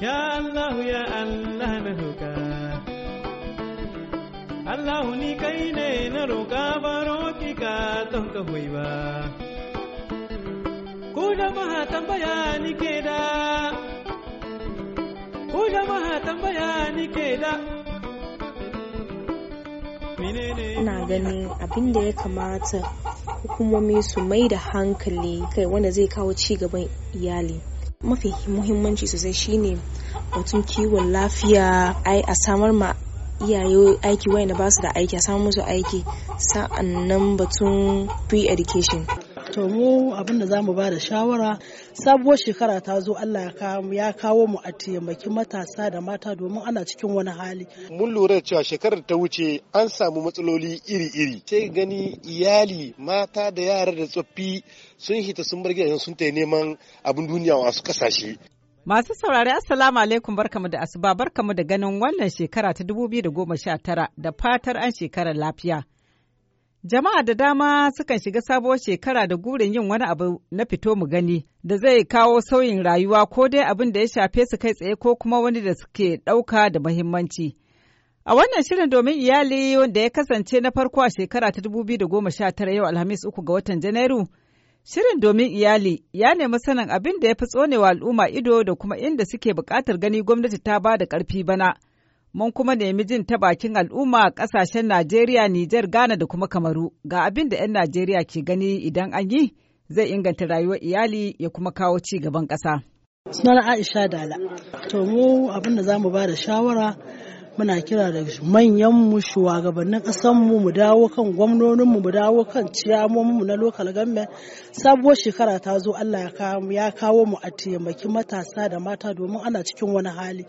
Ya Allah ya Allah na roƙa Allah ni kai ne na roƙa baro ki ka don ka hoyi ba Ku jama'a tambaya ni ke da Ku jama'a tambaya ni ke da Ina ganin abin da ya kamata hukumomi su mai da hankali kai wanda zai kawo ci gaban iyali mafi muhimmanci sosai shine batun kiwon lafiya ai a samar ma iyaye aiki wayanda ba su da aiki a samar musu aiki sa'annan batun pre-education To mu abin da za mu ba da shawara sabuwar shekara ta zo Allah ya kawo mu a taimaki matasa da mata domin ana cikin wani hali. Mun lura da cewa shekarar ta wuce an samu matsaloli iri-iri. Sai gani iyali mata da yara da tsoffi sun hita sun bar gidajen sun yi neman abin duniya wasu kasashe. Masu saurari Assalamu alaikum barkamu da asuba barkamu da ganin wannan shekara ta 2019 da fatar an shekarar lafiya. Jama'a da dama sukan shiga sabuwar shekara da gurin yin wani abu na fito mu gani da zai kawo sauyin rayuwa ko dai abin da ya shafe su kai tsaye ko kuma wani da suke ɗauka da muhimmanci. A wannan shirin domin iyali wanda ya kasance na farko a shekara ta dubu biyu da goma sha tara yau Alhamis uku ga watan Janairu. Shirin domin iyali ya nemi sanin abin da ya fi tsonewa al'umma ido da kuma inda suke buƙatar gani gwamnati ta ba da ƙarfi bana. mun kuma nemi jin ta bakin al'umma a ƙasashen Najeriya, Nijar, Ghana da kuma Kamaru ga abin da 'yan Najeriya ke gani idan an yi zai inganta rayuwar iyali ya kuma kawo ci gaban ƙasa. Sunana Aisha Dala. To mu abin da za mu ba da shawara muna kira da manyan mu shugabannin ƙasanmu mu dawo kan gwamnonin mu dawo kan mu na lokal government sabuwar shekara ta zo Allah ya kawo mu a taimaki matasa da mata domin ana cikin wani hali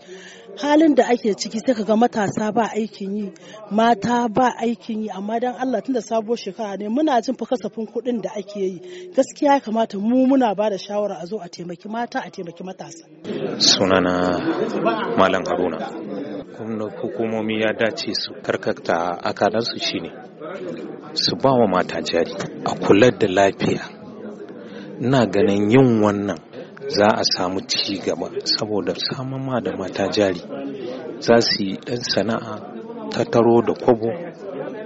halin da ake ciki sai ka ga matasa ba aikin yi mata ba aikin yi amma dan Allah tunda sabuwar shekara ne muna jin fa kasafin kuɗin da ake yi gaskiya ya kamata mu muna ba da shawara a zo a taimaki mata a taimaki matasa sunana malam haruna hukumomi ya dace su karkata akalansu shine su ba wa mata jari a kula da lafiya ina ganin yin wannan za a samu ci gaba saboda samun ma da mata jari za su yi ɗan sana'a ta taro da kwabo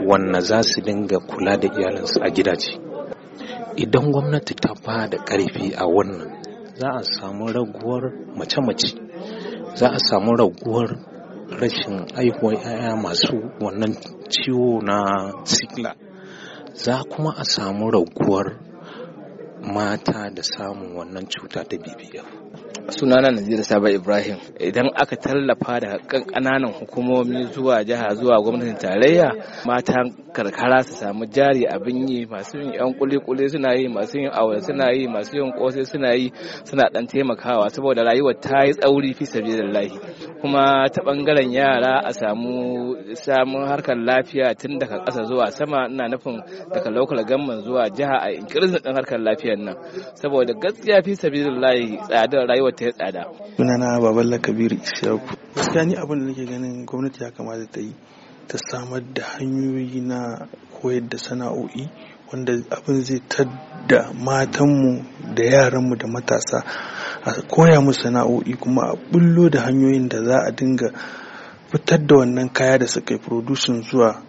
wanne za su dinga kula da iyalansu a gidaje idan gwamnati ta ba da ƙarfi a wannan za a samu raguwar mace-mace za a samu raguwar rashin aihuwar 'ya'ya masu wannan ciwo na sikla za kuma a samu raguwar mata da samun wannan cuta ta bbf sunana Najeriya Saba Ibrahim idan aka tallafa daga ƙananan hukumomi zuwa jiha zuwa gwamnatin tarayya matan karkara su samu jari abin yi masu yin yan kuli suna yi masu yin aure suna yi masu yin kosai suna yi suna dan taimakawa saboda rayuwar ta yi tsauri fi lahi kuma ta bangaren yara a samu samun harkar lafiya tun daga ƙasa zuwa sama ina nufin daga local government zuwa jiha a inkirin harkar lafiyar nan saboda gaskiya fi sabilillahi tsadar rayuwar ta ya tsada sunana baban kabiru ishaku gaskiya ni abin da nake ganin gwamnati ya kamata ta yi ta samar da hanyoyi na koyar da sana'o'i wanda abin zai tadda matanmu da yaranmu da matasa a koya musu sana'o'i kuma a bullo da hanyoyin da za a dinga fitar da wannan kaya da suka yi production zuwa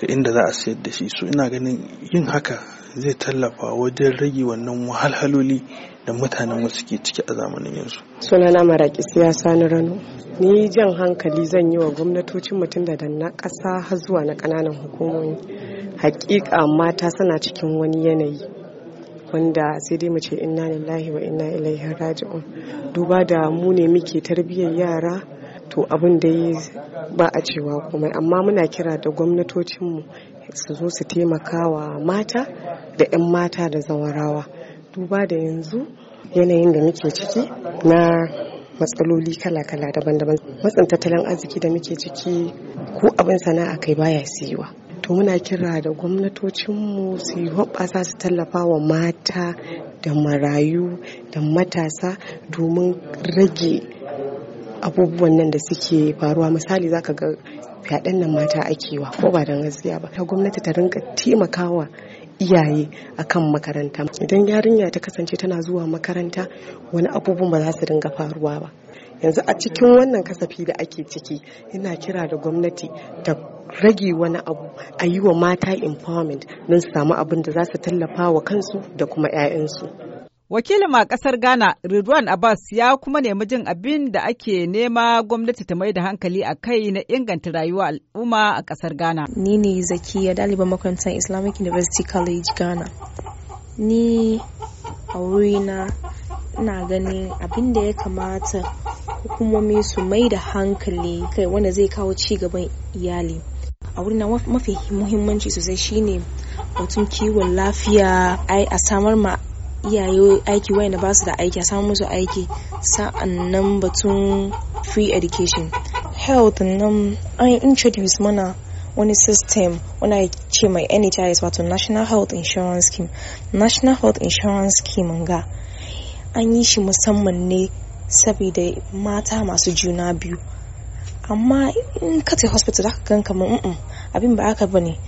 ga inda za a sayar da shi so ina ganin yin haka zai tallafa wajen rage wannan wahalhaloli da mutanen wasu ke ciki a zamanin yanzu. sunana maraƙi siyasa na rano ni jan hankali zan yi wa gwamnatocin mutum da na ƙasa zuwa na ƙananan hukumomi hakika mata suna cikin wani yanayi wanda sai dai mu ce inna lillahi wa inna ilaihi raji'un duba da mu ne muke tarbiyyar yara to abin dai ba a cewa komai amma muna kira da gwamnatocinmu su zo su taimaka wa mata da 'yan mata da zawarawa duba da yanzu yanayin da muke ciki na matsaloli kala-kala daban-daban matsin tattalin arziki da muke ciki ko abin sana'a kai baya siyuwa to muna kira da gwamnatocinmu su yi hoɓɓasa su tallafa wa mata da marayu da matasa domin rage abubuwan nan da suke faruwa misali zaka ga fyaɗen nan mata akewa ko ba da gaskiya ba ta gwamnati ta rinka taimakawa iyaye a kan makaranta idan yarinya ta kasance tana zuwa makaranta wani abubuwan ba za su rinka faruwa ba yanzu a cikin wannan kasafi da ake ciki ina kira da gwamnati ta rage wani abu a yi wa mata empowerment don su samu abin da za su tallafa wa kansu da kuma 'ya'yansu. Wakilin a kasar Ghana, Ridwan Abbas ya kuma nemi jin abin da ake nema gwamnati ta mai da hankali a kai na inganta rayuwa al'umma a kasar Ghana. Ni ne Zakiya daliban makarantar Islamic University College Ghana. Ni a wurina ina ganin abin da ya kamata hukumomi su mai da hankali kai wanda zai kawo ci gaban iyali. a wurin mafi muhimmanci sosai shine batun kiwon lafiya ai a samar ma iyaye aiki wayanda ba su da aiki a samu musu aiki sa'annan batun free education health nan an introduce mana wani system wani ce mai nhis wato national health insurance scheme national health insurance scheme ga an yi shi musamman ne saboda mata masu juna biyu amma in ka ce hospital ka gan kamar abin ba aka bane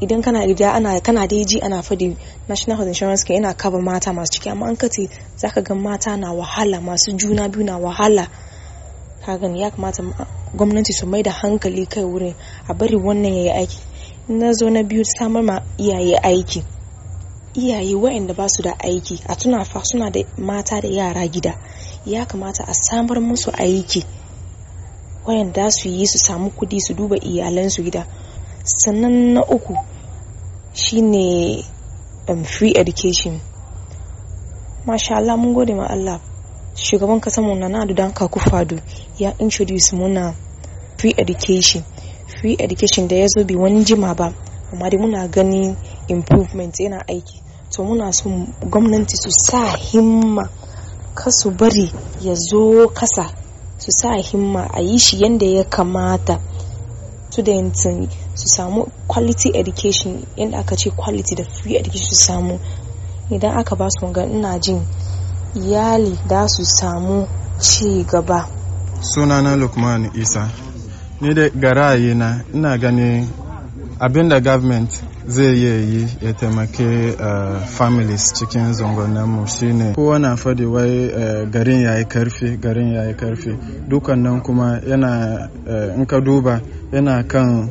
idan kana gida ana kana dai ji ana fadi national health insurance ke yana kaba mata masu ciki amma an kace ka gan mata na wahala masu juna biyu na wahala ka gani ya kamata gwamnati su mai da hankali kai wurin a bari wannan yayi aiki in na zo na biyu samar ma iyaye aiki iyaye waɗanda ba su da aiki a tuna fa suna da mata da yara gida ya kamata a samar musu aiki wayanda su yi su samu kudi su duba iyalansu gida sannan na uku shine um, free education masha mun gode ma Allah shugaban kasar mu na nadu dan kaku fado ya introduce muna free education free education da ya zo bi wani jima ba amma dai muna gani improvement yana aiki to muna son gwamnati su sa himma kasu bari ya zo kasa su sa himma a yi shi yadda ya kamata students su samu quality education yadda aka ce quality da free education su samu idan aka ba su magana ina jin iyali da su samu ci gaba sunana lukman isa ni da garaye na ina ganin abin da government zai iya yi ya taimake eh, families cikin mu shine kowa na faɗi wai eh, garin ya yi karfi garin ya yi karfi dukannan kuma yana eh, in ka duba yana kan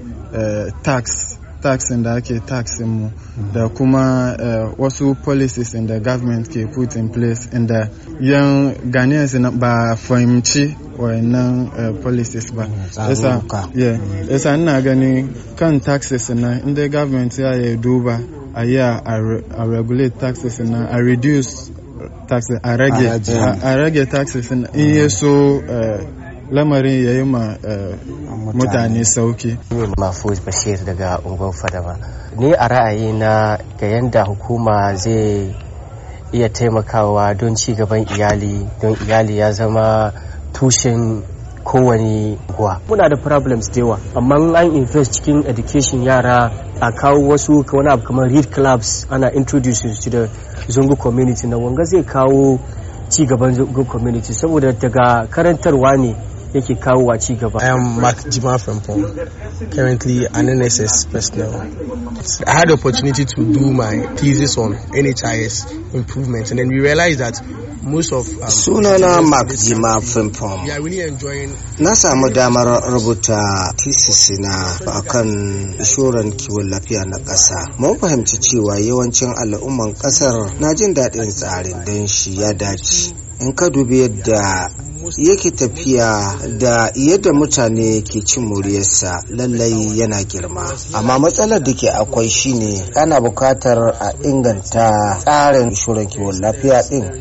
tax taxin da ake taxin mu da kuma eh, wasu policies in the government ke put in place inda yan ghanaians ba fahimci wayannan eh, policies ba mm, yasa ina gani kan taxes na inda government ya yi duba a yi a regulate taxes na a reduce taxes a rage taxes in iye so eh, lamarin ya yi ma eh, mutane sauki. Ne Bashir daga unguwar Fadama. Ni a ra'ayi na ga yanda hukuma zai iya taimakawa don ci gaban iyali don iyali ya zama tushen kowane guwa. Muna da problems da yawa, amma an invest cikin education yara a kawo wasu wani abu kamar read clubs ana introduce su da zungu community na wanga zai kawo cigaban gaban zungu community saboda daga karantarwa ne yake kawo wa ci gaba. I am Mark Jima Fempon, currently an NSS personnel. I had the opportunity to do my thesis on NHIS improvement and then we realized that most of um, sunana Mark Jima Fempon. Na samu damar rubuta thesis na akan inshoran kiwon lafiya na ƙasa. Mun fahimci cewa yawancin al'umman ƙasar na jin daɗin tsarin don shi ya dace. in ka dubi yadda yake tafiya da yadda mutane ke cin muryarsa lallai yana girma amma matsalar da ke akwai shine ana bukatar a inganta tsarin shuran kiwon lafiya din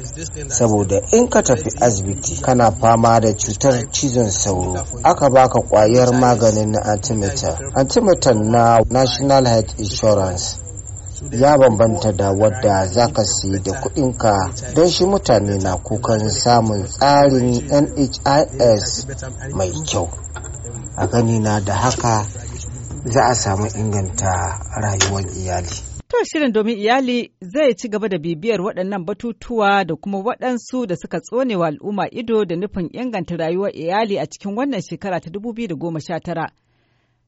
saboda in ka tafi asibiti kana fama da cutar cizon sauro aka baka kwayar maganin na antimeter antimeter na national health insurance ya bambanta da wadda za ka siya da kuɗinka don shi mutane na kukan samun tsarin nhis mai kyau a ganina da haka za a samu inganta rayuwar iyali To shirin domin iyali zai ci gaba da bibiyar waɗannan batutuwa da kuma waɗansu da suka tsonewa al'umma ido da nufin inganta rayuwar iyali a cikin wannan shekara ta 2019.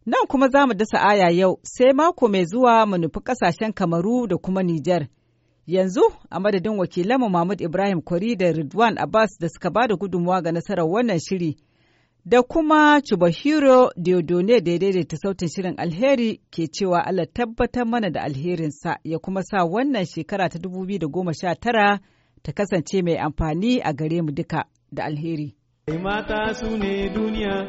Nan kuma za mu dasa aya yau sai mako mai zuwa mu nufi kasashen Kamaru da kuma Nijar. Yanzu a madadin wakilanmu Mahmud Ibrahim Kwari da Ridwan Abbas da suka ba da gudunmawa ga nasarar wannan shiri da kuma Chubahiro Diodone da ya daidaita sautin shirin alheri ke cewa Allah tabbatar mana da alherinsa ya kuma sa wannan shekara ta dubu da goma sha tara ta kasance mai amfani a gare mu duka da alheri. Mata su ne duniya